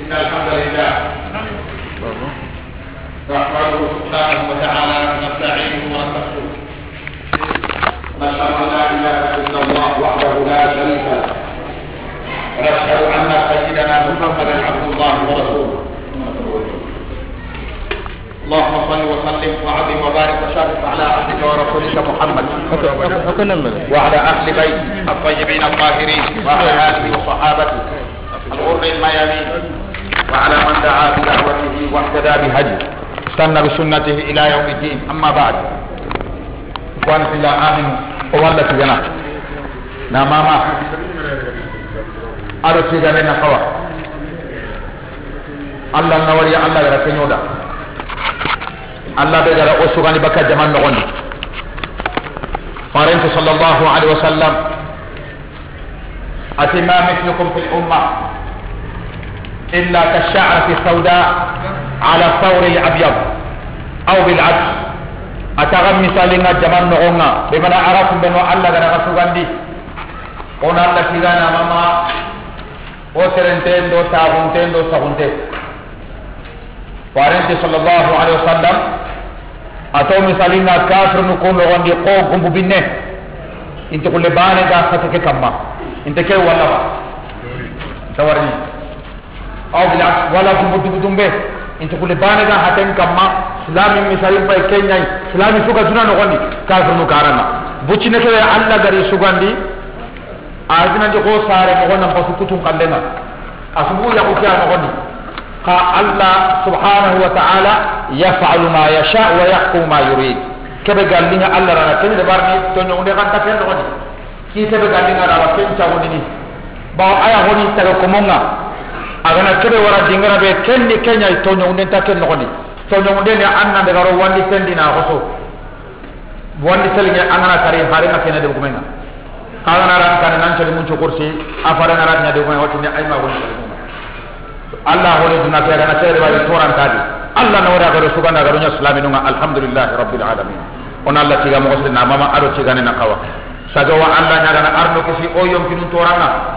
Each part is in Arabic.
إن الحمد لله نحمده سبحانه وتعالى ونستعينه ونستغفره ونشهد أن لا إله إلا الله وحده لا شريك له ونشهد أن سيدنا محمدا عبد الله ورسوله اللهم صل وسلم وعظم وبارك وشرف على عبدك ورسولك محمد وعلى اهل بيته الطيبين الطاهرين وعلى اله وصحابته الغر الميامين وعلى من دعا بدعوته واهتدى بهدي استنى بسنته الى يوم الدين اما بعد اخواني في الله امن وولى في جنات نا ماما ارو في جنات نقوى الله نوري الله غير كنودا الله بغير اوسوغاني بكا جمال نغني فارنت صلى الله عليه وسلم اتمام مثلكم في الامه إلا كالشعرة السوداء على الثور الأبيض أو بالعكس أتغم مثالنا جمان نغنى بمن أعرف بنو ألا غنى غسو غندي قنا الله سيغانا ماما وسرنتين دو ساغنتين دو ساغنتين وارنتي صلى الله عليه وسلم أتو مثالنا كافر نكون نغندي قوم قم ببنه انت كل بانه دا فتك كما انت كي ولا انت ورني aw bila wala tumbu dugu dumbe inta kule bane ga haten kamma islami misali bai kenya islami suka suna no gondi kafir no karana bucci ne sai Allah gari sugandi azina je ko sare mo ba su kutun kallena asubu ya ko kiya no gondi ka Allah subhanahu wa ta'ala yaf'alu ma yasha wa yahkum ma yurid kebe gallinga Allah rana ken de barni to no de kan ken do gondi ki tebe gallinga rana ken ta gondi ni ba aya ta ko monga agana kebe wara dingara be kenni kenya to den ta ken ni to den ne anna de garo wandi sendi na hoso wandi selinge anana kare hare na kenya de gumenga kagana ran kan nan tele mun chokorsi afara na ran nyade gumenga wati ni ayma ko Allah hore dina ta gana tere wali toran tadi Allah na wara garo suganda garo nya islami nunga alhamdulillah rabbil alamin on Allah tiga mo na mama aro tiga ne na kawa sagawa Allah nya gana arno kisi o yom kinun toranga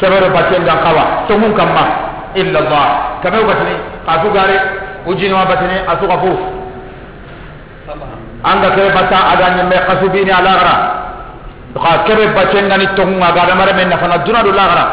kebere baten dan kawa to mun kamma illa allah kabe batini kafu gare ujini wa batini asu kafu anga kebe bata adanya me kasu bini ala gara ka kebe baten ngani to mun aga mare men na fana duna do la gara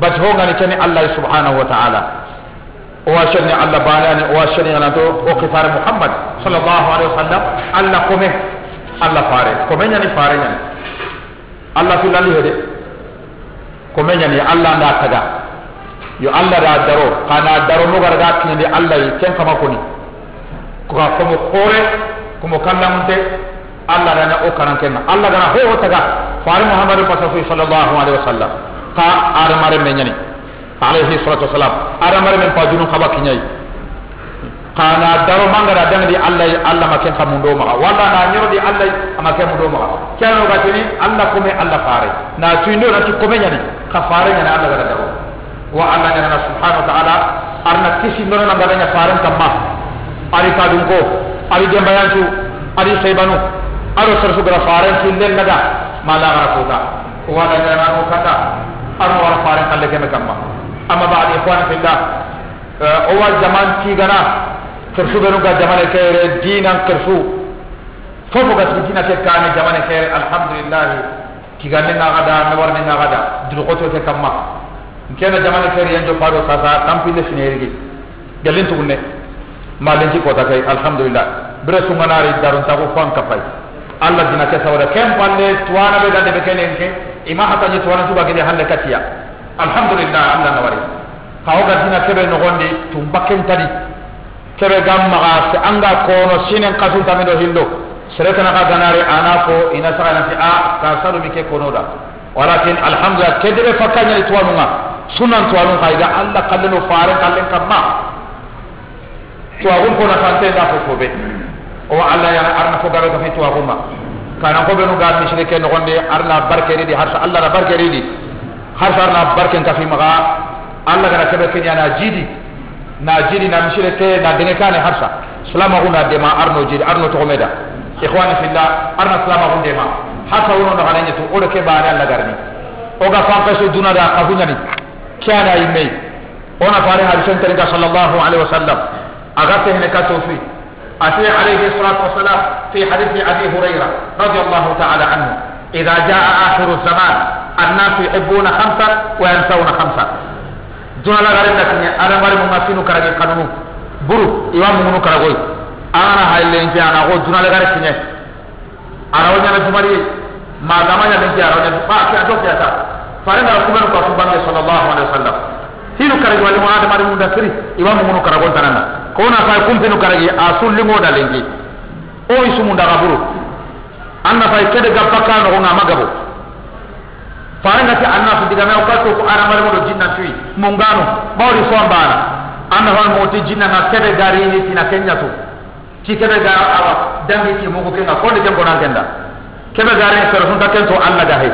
bat ho ngani tani allah subhanahu wa ta'ala wa shani allah balani wa shani ana to o kifare muhammad sallallahu alaihi wasallam allah kome allah fare kome nyani fare nyani allah filali hede ko me nyani allah nda taga yo allah da daro kana daro no garga kinande allah yi ken kama koni ko ka komo hore komo kallamunte allah dana o karankenga allah dana ho o taga faare muhammadu pasafi sallallahu alaihi wasallam ka adamare me nyani alayhi salatu wasalam adamare men pa junun kaba kinyai kana daro mangara danga di allah allah ma ken kamundo ma wala na nyoro di allah ma ken mundo ma kano ga tini allah kome allah faare na tuindo na tu kome nyani kafarin yana Allah gara dawo wa Allah yana subhanahu wa ta'ala arna kisi mero na baganya faran kamma ari kadun ko ari dembayan su ari saibanu aro sarsu gara faran su len naga mala gara kota wa Allah yana no kata arno war faran kalle kema kamma amma ba'd ikhwan fillah o wa zaman ci gana sarsu benu ga zaman kere dinan karsu fofo ga dina ke kane zaman kere alhamdulillah kigande na gada na warne na gada dul goto te kamma kena jamana kari yanjo paro sasa kampile sineri galin tugunne malen ci kota kay alhamdulillah bere su manari darun ta ko fon kapay alla dina ke sawara kem palle tuwana be dande be kenen ke ima hata ni tuwana tuba ke hande katiya alhamdulillah amna nawari kawoga dina kebe no gondi tumbaken tadi kebe gamma ga se anga kono sinen kasun tamido hindo seretana ka ganare ana ko ina saga nanti a karisa do mi ke kono da walakin alhamdulillah kedere fa kañani tuwanunga sunan tuwanun ka iga allah kalleno faren kallen kamma tuwagun kona kante nda fo fobe o allah yana arna fo garo gafi tuwagunma kanan koɓe nu gar misiri ke nogonde arna barkeri di harsa allah na barkeri di harsa arna barken kafi maga allah gana keɓe keña na jiidi na jiidi na misiri ke na denge kane harsa silamagu na dema arno jiidi arno togomeda ikhwani fillah arna salama hunde ma hasa wono no hananya to odo ke baare Allah garni oga fanka so duna da kabunyani kana imei ona fare hadisan tarika sallallahu alaihi wasallam aga tehne ka tofi ati alaihi salatu wasalam fi hadithi abi hurairah radiyallahu ta'ala anhu idza jaa akhiru zaman الناس يحبون خمسة وينسون خمسة دون لا غير أنك أنا مريم ما فينو كرجل قانون برو إمام منو كرجل ana haylenke ana ko dunalagare kiñe ana wo ñana jumari ma dama ñalenke ana wo ñana ba ke a doke ata fare ngara kumenu ka fu bange sallallahu alaihi wasallam hinu karagi wali wona adamari mum da firi iwa mumunu karagon tanana ko wona fay kumpinu karagi asul lingo da lenki o isumu ndaga buru anna fay kede gabba ka nogo nga ma gabo fare ngati anna fu diga me o kalto ko adamari mo do jinna tuyi mungano bawri fo mbana anna fay mo ti jinna na kede gari ni tina kenya tu. ti kebe ga awa dambi ti mugu kenga ko de jem bonan kenda kebe ga ren sero sunta kento alla ga he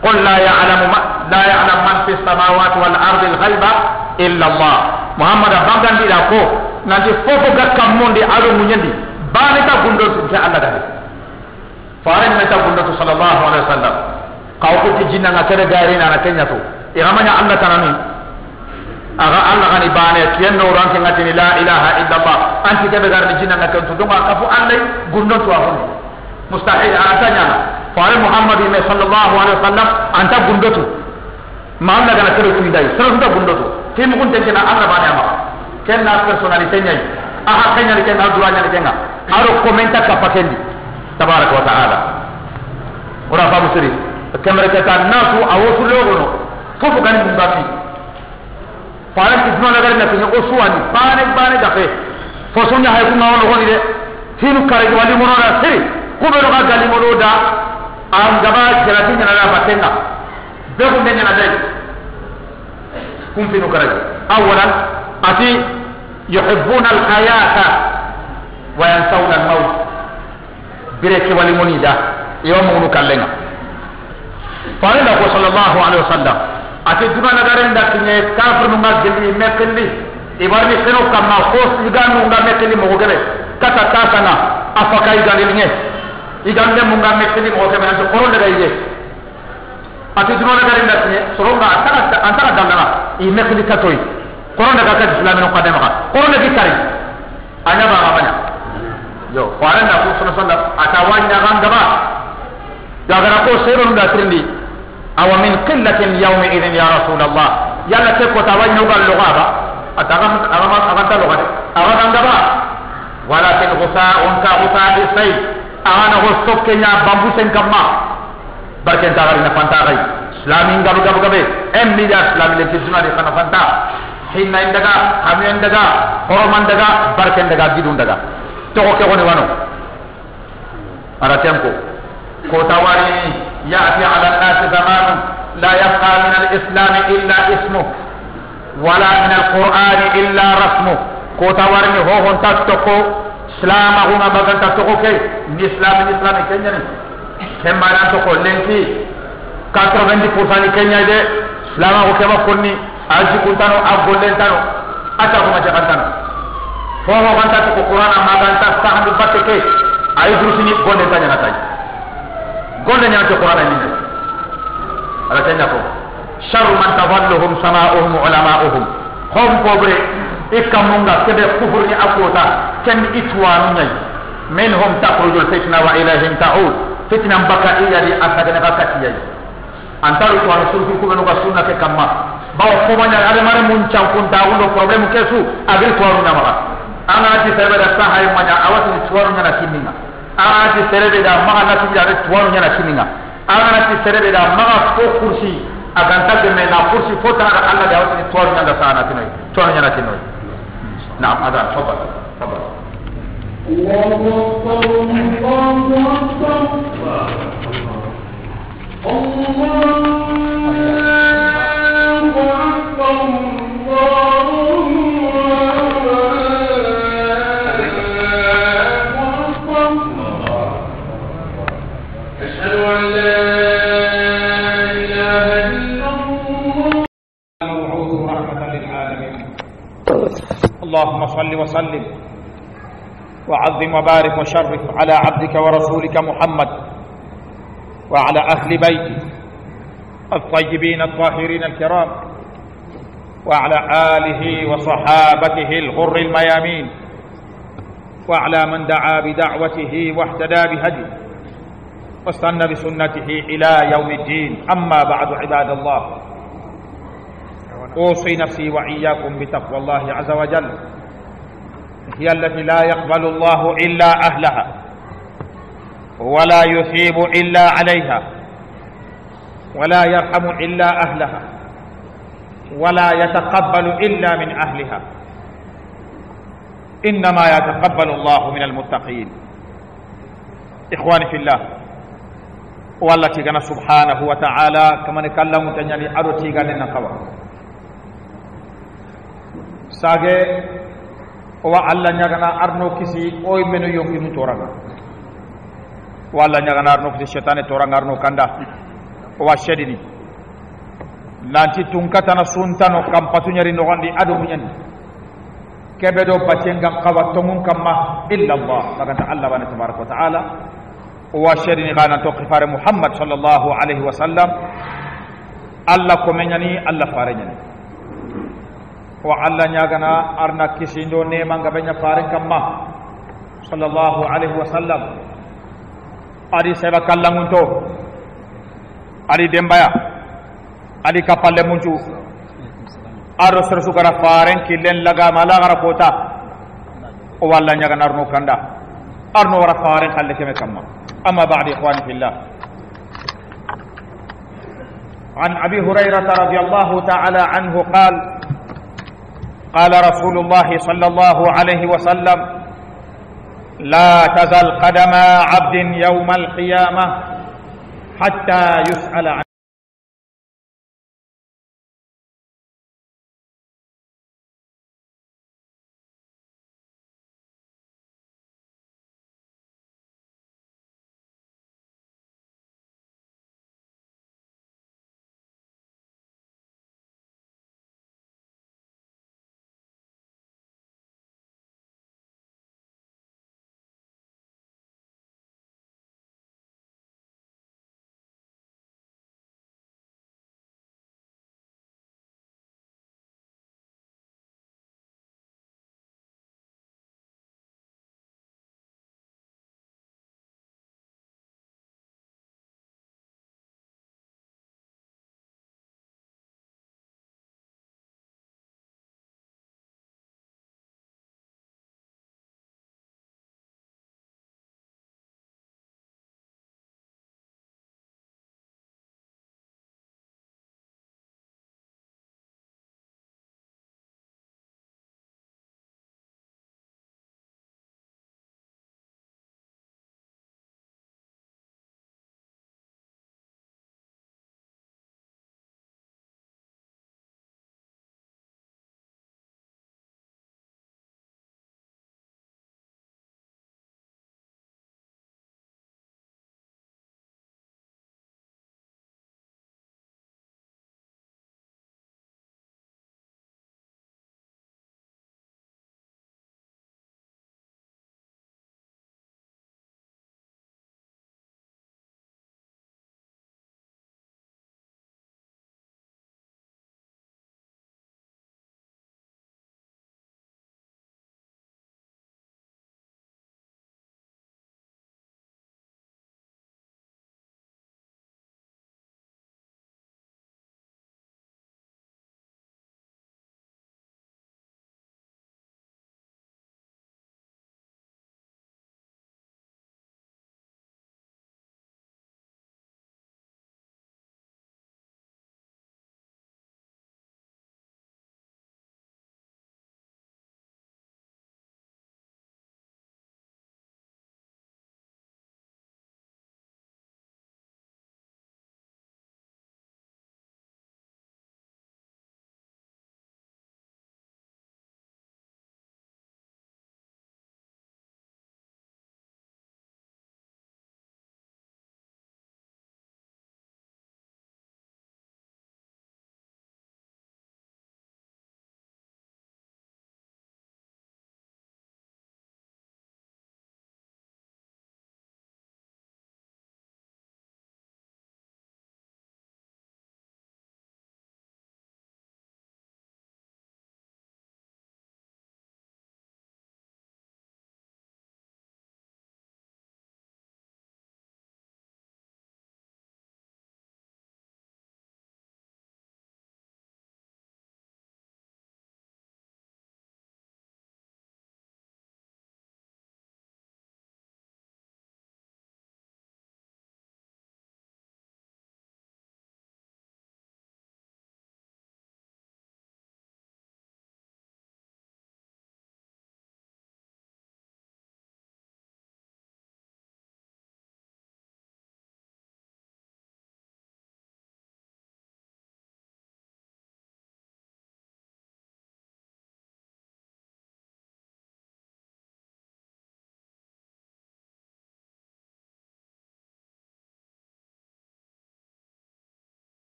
qul la ya'lamu ma la ya'lam man fi samawati wal ardi al ghaiba illa allah muhammad bangan di ko nanti fofo ga kamonde alo munyandi bani ta gundo ti alla ga he faran meta gundo to sallallahu alaihi wasallam kaw ko ti jinna na kebe ga ren na kenya to iramanya alla tanani aga Allah gani bane kiyen no ran kan atini la ilaha illa Allah anti ke begar ni jinan kan to dunga kafu Allah gurno to afun mustahil atanya fare Muhammad ne sallallahu alaihi wasallam anta gundo to ma Allah gana kare ku dai sallallahu ta gundo to te mu kunte kina Allah bane ma ken na personality nyai aha kenya ni kenna duranya ni kenna aro komenta kapakendi tabaraka wa taala ora fa musiri kamera kata nasu awosu logono fofu gani mbafi paane kisno lagar na kinyo osuwani paane paane dafe fosonya hay ku ngawo logo ni de tinu kare wali mono da siri kubero ga gali mono da am gaba jelati nyana da batenga be ku nenya na de kum tinu kare awalan ati yuhibbuna alhayata wa yansawna almaut bire ke wali moni da yo mo nu kallenga paane da ko sallallahu alaihi wasallam ati duna nagaren da kinye kafir nunga gilli mekilli ibarni kino kama kos iga nunga mekilli mogere kata kata na afaka iga lilinge iga nde munga mekilli mogere nanti koron daga ige Ati duna nagaren da kinye soronga antaka antaka dandana i mekilli katoi koron daga kadi islamino kadema ka koron daga kari anya ba abanya yo faran da ku sunan sallah ata wanya gangaba daga na ko sai da trindi أو من قلة يومئذ يا رسول الله يلا تكو تاوين هو اللغة أتغم أغم أغم تلغة أغم دبا ولكن غثاء كغثاء السيل أغانا غصب كنيا بامبوسن كما بركن تغري نفانتا غي سلامين غبو غبو غبو أم ميدا سلامين لتسنا دي خنفانتا حين عندك حمي عندك حرم عندك بركن عندك جد عندك تغوكي غني وانو أراتيامكو كوتاواري يأتي على الناس زمان لا يبقى من الإسلام إلا اسمه ولا من القرآن إلا رسمه كتورني هو تتقو سلام هو بغن تتقو كي نسلام نسلام كنجني كما نتقو لنتي غندي فرصاني kenya دي سلام هو كما كوني أجي كنتانو لنتانو أتا هو مجغنتانو فهو غن غنتاتو قرآن ما غن سحن بكي أي درسني بغنتا جنتاني golle ñanto qur'ana ni ala tanya ko sharru man tadalluhum sama'uhum ulama'uhum hom pobre ikamunga kebe kufur ni akota ken itwanu nyai minhum takhruju alfitna wa ilaihim ta'ud fitna bakaiya li asagana bakatiya antaru ko an sulku ko no sunna ke kamma bawo ko manya ale mare mun chan kun dawulo problem kesu agri ko nyama ana ti sabada sahay manya awati tuwaru nyana kinninga aganati serebe da maga natijare tuwanu ñana sininga aganati serebe da maga fo kursi aganta gemme na kursi fo tanaga allah de awtini tuwanu ñanda saanatinoy tuwanu ñanatinoy naam adan fobal fobal الله أكبر الله أكبر الله وعظم وبارك وشرف على عبدك ورسولك محمد وعلى أهل بيته الطيبين الطاهرين الكرام وعلى آله وصحابته الغر الميامين وعلى من دعا بدعوته واهتدى بهديه واستنى بسنته إلى يوم الدين أما بعد عباد الله أوصي نفسي وإياكم بتقوى الله عز وجل هي التي لا يقبل الله إلا أهلها ولا يثيب إلا عليها ولا يرحم إلا أهلها ولا يتقبل إلا من أهلها إنما يتقبل الله من المتقين إخواني في الله walla tigana سبحانه وتعالى كما نكلم kallamuta ñani aɗo tiganena kawa sage owa allah ñagana arno kisi oy meno yoginu toranga o allah ñagana arno kisi setane toranga arno kanda owa seɗini nanti tunkatana suntano kam patuñari nogondi adomuñani keɓe ɗo bacengan kawa tongun kamma illa llah saganta allah bane tabaraka wa taala owa seɗini xanan to kifare mouhammad sallllahu alayhi wa sallam allah komeñani allah fareñani ko allah ñagana arna kisindo nema nga ɓe ñafaren kam ma sallllahu alayhi wa sallam ari seba kallangun to ari dembaya ari kappalle muncu aro sere sugara faren killen lagama lagara kota o walla ñagana arno kanda arno wara faren halle keme kam ma amma badi ihwani fillah عن أبي هريرة رضي الله تعالى عنه قال قال رسول الله صلى الله عليه وسلم لا تزل قدم عبد يوم القيامة حتى يسأل عنه